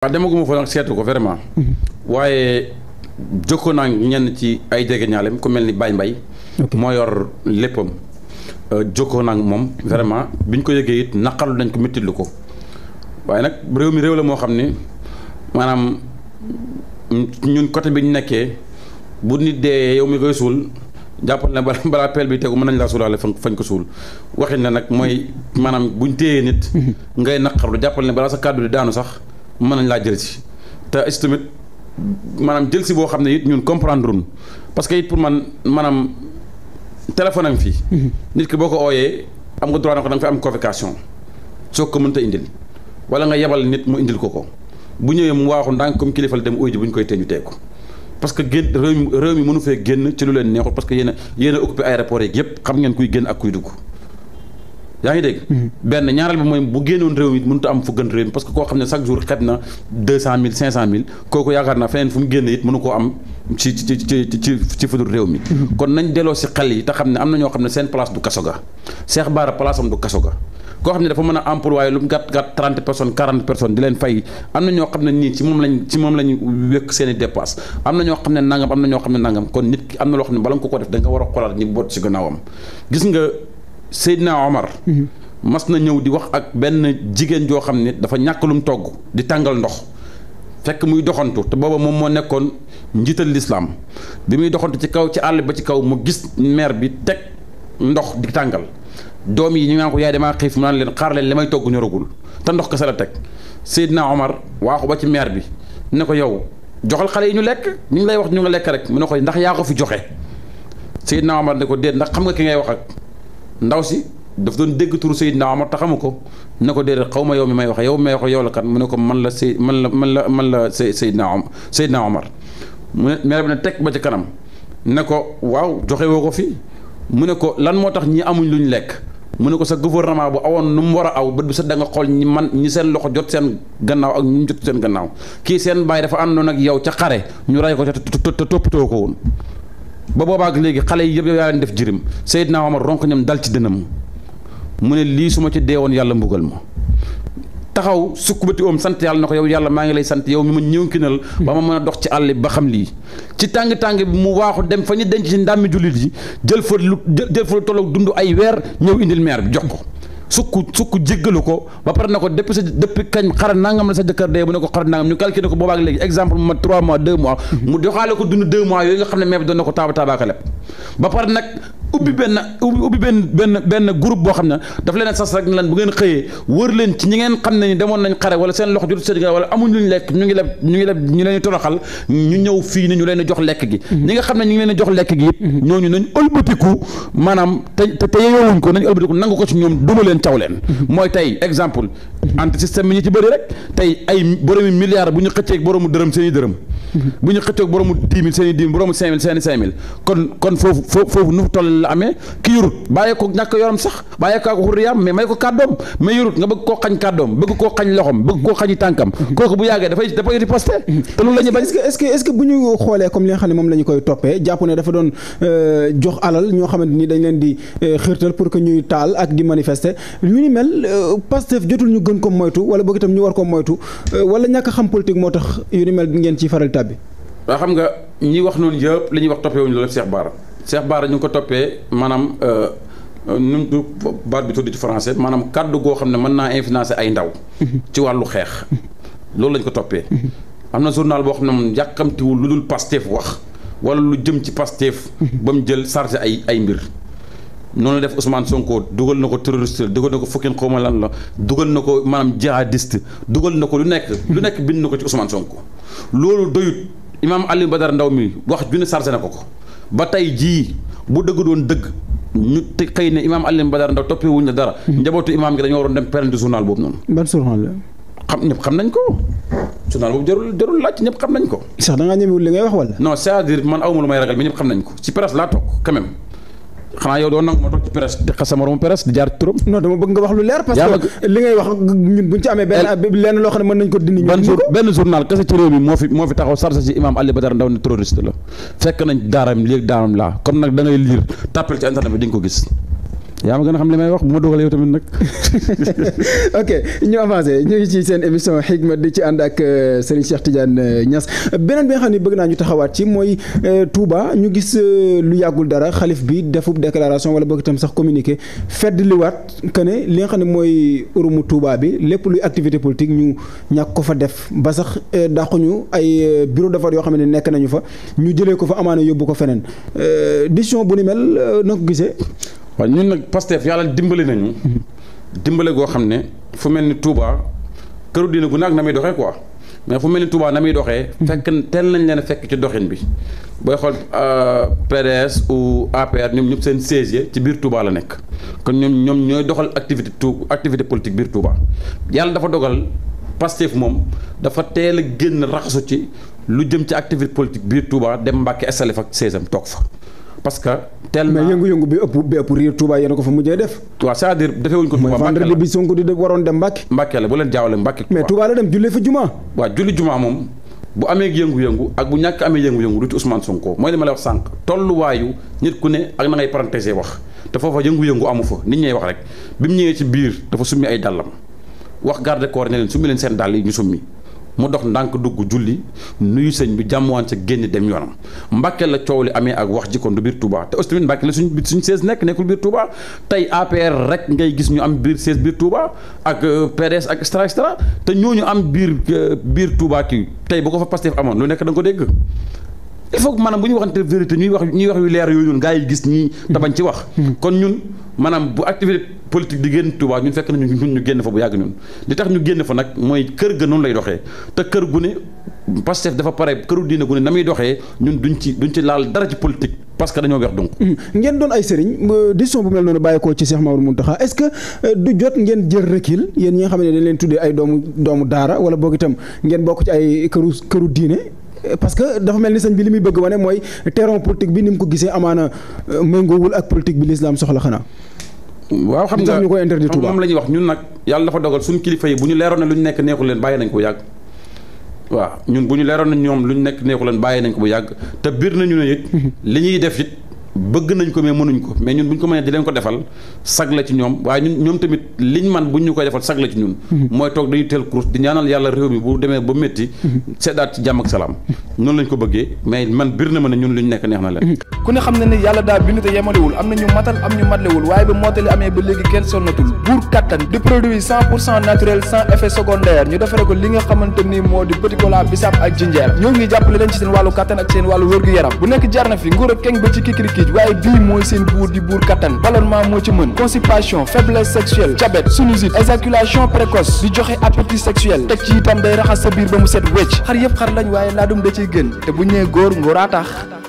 waaw demaguma fa nag seetu ko vraiment. Mhm. waaye jokkoo naa ñenn ci ay jege ñaalem ku mel ni Baye Mbaye moo yor léppam. Euh, jokkoo naa moom vraiment biñ ko yëgee it naqarlu nañ ko méttilu ko waaye nag réew mi réew la moo xam ni maanaam ñun côté bi ñu nekkee bu nit dee yow mi koy suul. jàppal na balaa peel bi tegu mën nañ laa suulaale fañ ko suul waxin na nag mooy maanaam buñ téyee nit. Mhm. ngay naqarlu jàppal na balaa sa kàddu di daanu sax. mën nañ laa jël si te it tamit maanaam jël si boo xam ne it ñun comprendre lul parce que it pour man maanaam téléphone am fii. Mm-hmm. nit ki boo ko ooyee am nga droit na ko da fi am convocation soo ko mënta indil wala nga yebal nit mu indil ko ko bu ñëwee mu waaxu ndànk comme kilifa la dem uyu bu ñu koy teeñu teg ko parce que génn réew mi réew mi mënu fee génn ci lu leen neexul parce que yéen a yéen a occupé aéroport xam ngeen kuy génn ak kuy dugg. yaa ngi dégg. Mm-hmm. benn ñaareel bi mooy bu génnoon réew mi mënut a am fu gën réew mi parce que koo xam ne chaque jour xet na deux cent mille cinq cent mille kooku yaakaar naa feneen fu mu génn it mënu koo am ci ci ci ci ci réew mi. Mm-hmm. kon nañ delloo si xel yi te xam ne am na ñoo xam ne seen place du kaso ga. Cheikh Bara place am du kaso ga koo xam ne dafa mën a employé lu gàtt gàtt trente personnes quarante personnes di leen fay am na ñoo xam ne nii ci moom lañ na am na ñoo xam ne nangam kon nit ki am na loo xam ne bala a nga Seydina Omar. Mhm. mas na ñëw di wax ak benn jigéen joo xam ne dafa ñàkk lum togg di tàngal ndox fekk muy doxantu te booba moom moo nekkoon njiital lislaam bi muy doxantu ci kaw ci àll ba ci kaw mu gis meer bi teg ndox di tàngal doom yi ñu naan ko yaay damaa xiif mu naan leen xaar li may togg ñoragul te ndox kese la teg Seydina Omar waaxu ba ci meer bi ne ko yow joxal xale yi ñu lekk ñu ngi lay wax ñu nga lekk rek mu ne ko ndax yaa ko fi joxe Seydina Omar ne ko déet ndax xam nga ki ngay wax ndaw si daf doon dégg turu Seydina Omar te xamu ko ne ko déedéet xaw ma yow mi may waxe yow mi may wax yow la kan mu ne ko man la Sey man la man la man la Seydina Omar Seydina Omar mu ne maire bi ne teg ba ci kanam ne ko waaw joxe woo ko fi mu ne ko lan moo tax ñi amuñ luñ lekk. mu ne ko sa gouvernement bu awoon nu mu war a aw bët bi sa da nga xool ñi man ñi seen loxo jot seen gannaaw ak ñu jot seen gannaaw kii seen bàyyi dafa àndoon nag yow ca xare ñu rey ko ca toppatoo ko woon ba boobaak léegi xale yi yëpp yow yaa leen def jirim Seydina Omar ronk ñam dal ci dënam mu ne lii su ma ci deewoon yàlla mbugal ma taxaw sukkubati oom sant yàlla na ko yow yàlla maa ngi lay sant yow mi ma ñëw ñëwkinal ba ma mën a dox ci àll bi ba xam lii ci tàng-tàng bi mu waaxu dem fa ñu denc ci ndàmmi jullit yi jël fa lu jël fa lu tolloog dund ay weer ñëw indil meer bi jox ko sukk sukk jéggalu ko ba pare na ko depuis sa depuis kañ xara nangam la sa jëkkër dee mu ne ko xara nangam ñu calculé ko boobaak léegi exemple mu ma 3 mois 2 mois mu doxaale ko dund 2 yooyu nga xam ne mee doon na ko taaba taabaaka ba pare nag ubbi benn ubbi benn benn benn groupe boo xam ne daf leen sas rek lan bu ngeen xëyee wër leen ci ñi ngeen xam ne ni demoon nañ xare wala seen loxo jotu seen wala amuñ luñ lekk ñu ngi leb ñu leen toroxal ñu ñëw fii ni ñu leen di jox lekk gi mhm. ñi nga xam ne ñu ngi leen di jox lekk gi it mhm. ñooñu nañ ëlbatiku maanaam te te yeyoowuñ ko nañ ëlbatiku nangu ko ci leen caw leen mhm. mooy tey exemple anti système bi ñu ci bëri rek tey ay boroomi milliards bu ñu xëccee boroomu dërëm seen i dërëm bu ñu xëccee boroomu dix mille seen i dix mille boroomu cinq mille seen i cinq loolu la amee ki yorut bàyyi ko ñàkk yoram sax bàyyi ko xurriyaam mais may ko kàddoom mais yorut nga bëgg koo xañ kàddoom bëgg koo xañ loxom bëgg koo xañi tànkam mhm. kooku bu yàggee dafay dafay riposte te loolu la ñu bañ est-ce que est-ce que bu ñu xoolee comme li xam ne moom la koy toppee jàpp ne dafa doon euh, jox alal ñoo xamante ni dañ leen di euh, xërtal pour que ñuy taal ak di manifester ñu ni mel euh, Pastef jotul ñu gën ko moytu wala boog itam ñu war ko moytu wala ñàkk xam politique moo tax yu ngeen ci faral tàbbi xam nga ñi wax noonu yëpp ñuy wax toppee loolu Cheikh Bara Cheikh Bara ñu ngi ko toppee maanaam euh, euh, nu mu baat bi tudd ci français maanaam kàddu goo xam ne mën naa influencer ay ndaw. ci wàllu xeex. loolu lañ ko toppee. am na journal boo xam ne moom yàqamtiwul lu dul Pastef wax wala lu jëm ci Pastef. ba mu jël chargé ay ay mbir. noonu la def Ousmane Sonko dugal na ko terroriste dugal na ko fukkin xaw ma lan la dugal na ko maanaam jihadiste dugal na ko lu nekk. lu nekk bind na ko ci Ousmane Sonko. loolu doyut imaam Aliou Badara Ndaw mi wax junne chargé na ko ko. ba tey jii bu dëgg doon dëgg ñu te xëy ne imaam Alioune Badara Ndao toppee wuñ la dara. Hmm. njabootu imaam gi dañoo waroon dem pérante journal boobu noonu. ban journal la. xam ñëpp xam nañ ko journal boobu jarul jarul laaj ñëpp xam nañ ko. sax da ngaa ñemewul li ngay wax wala. non c'est-à-dire man aw ma lu may ragal mais ñëpp xam nañ ko ci presse laa toog kemeem xanaa yow doo nangu ma toog ci presse di xas sa moromu presse di jaar ci turam. non dama bëgg nga wax lu leer. parce li ngay wax ñun bu ñu ci amee. benn ko journal kese ci mi moo fi moo fi taxaw sarsa si imaam Ali Badara Ndaw ne terroriste la fekk nañ daaram léegi daaram laa kon nag da ngay lire ci internet bi di ko gis. yaa ma gën a xam li may wax bu ma dogalee yow tamit nag. ok ñu avancé ñu ngi ci seen émission xigma di ci ànd ak euh, Serigne Cheikh Tidiane euh, Niass beneen benn nga xam ne bëgg naa ñu taxawaat ci mooy euh, Touba ñu gis lu yàggul dara xalif bi defub déclaration wala boog itam sax communiqué fedd liwaat que ne li nga xam ne mooy urumu Touba bi lépp luy activité politique ñu ñàkk ko fa def ba sax dàquñu ay bureau de vote yoo xam ne nekk nañu fa ñu jëlee ko fa amaana yóbbu ko feneen décision bu ni mel na waaw ñun nag Pastef yàlla dimbale nañu. dimbale goo xam ne fu mel ni Touba këru diina gu naag na muy doxee ko mais fu mel ni Touba na muy doxee. fekk teel nañ leen a fekk ci doxin bi. booy xool euh, PDS ou APR ñoom ñëpp seen siège ci biir Touba la nekk kon ñoom ñoom ñooy doxal activité tou activité politique biir Touba yàlla dafa dogal. Pastef moom dafa teel a génn raxasu ci lu jëm ci activité politique biir Touba dem Mbàkke installé fa seesam toog fa parce que tellement mais yëngu-yëngu bi ëpp bi ëpp riir Touba yéen a ko fa def waaw c'est-à-dire defewuñ ko Touba vendredi bi Sonko di waroon dem Mbàkke Mbàkke la bu leen jaawale Mbàkke mais Touba la dem julli fa juma waaw julli ak bu ñàkk amee yëngu-yëngu du ci Ousmane mooy li ma la wax sànq ku ne ak na ngay parenthèse wax te foofa yëngu-yëngu amu fa nit wax rek bi mu ñëwee ci biir dafa summi ay dàllam wax garde corps ne leen summi leen seen dàll yi ñu summi mu dox ndànk dugg julli nuyu sëñ bi jàmmuwaan sa génn dem yoonam Mbàkke la coow li amee ak wax ji kon du biir Touba te aussi tamit Mbàkke la suñ suñ sees nekk nekkul biir Touba tey APR rek ngay gis ñu am biir sees biir Touba ak euh, peres ak extra extra te ñu am biir euh, biir Touba kii tey boo ko fa Pastef amoon lu nekk da nga ko dégg. il faut que bu ñu waxante vérité ñuy wax ñuy wax yu leer yooyu noonu gars yi gis ñii tabañ ci wax kon ñun maanaam bu activité politique di génn Touba ñun fekk nañu ñun ñu génn fa bu yàgg ñun li tax ñu génn fa nag mooy kër ga noonu lay doxee te kër gu ne Pastef dafa pare këru diine gu ne na muy doxee ñun duñ ci duñ ci laal dara ci politique parce que dañoo weex donc ngeen doon ay sëriñ euh, décision bu mel noonu bàyyeekoo ci Cheikh Mamadou Mountakha est-ce que euh, du jot ngeen jël recul yéen ñi nga xam ne leen tuddee ay doomu doomu daara wala itam ngeen bokk ci ay këru këru diine parce que dafa mel ni sëñ bi li muy bëgg wane mooy terrain politique bi ni mu ko gisee amaana euh, méngoowul ak politique bi lislaam soxla xanaa. waaw xam nga ñu koy interdit Touba moom la ñuy wax ñun nag yàlla dafa dogal suñu kilifa yi bu ñu leeroon ne lu ñu nekk neexul leen bàyyi nañ ko bu yàgg. waaw ñun bu ñu leeroon ne ñoom lu ñu nekk neexul leen bàyyi nañ ko bu yàgg te biir nañu ne it li ñuy def it bëgg nañ ko mais mënuñ ko mais ñun bu ñu ko mënee di leen ko defal sag la ci ñoom waaye ñun ñoom tamit liñ man bu ñu koy defal sag la ci ñun mhm. mooy toog dañuy teel course mhm. ko li ñu nekk neex na mhm. di produit ko li nga di petit ak jinjeer ñoo ngi jàppale leen ci seen wàllu kattan ak seen wàllu wërgu yaram bu nekk jarna fi nguur ak keng ba ci kikiriki d'habitude waaye bii mooy seen buur di buur kattan ballonnement moo ci mën constipation faiblesse sexuelle diabète sinusite éjaculation précoce di joxe appétit sexuel teg ci itam day raxas sa biir ba mu set wecc xar yëpp xar lañ waaye laa dum da ciy gën te bu ñëwee góor ngóoraa tax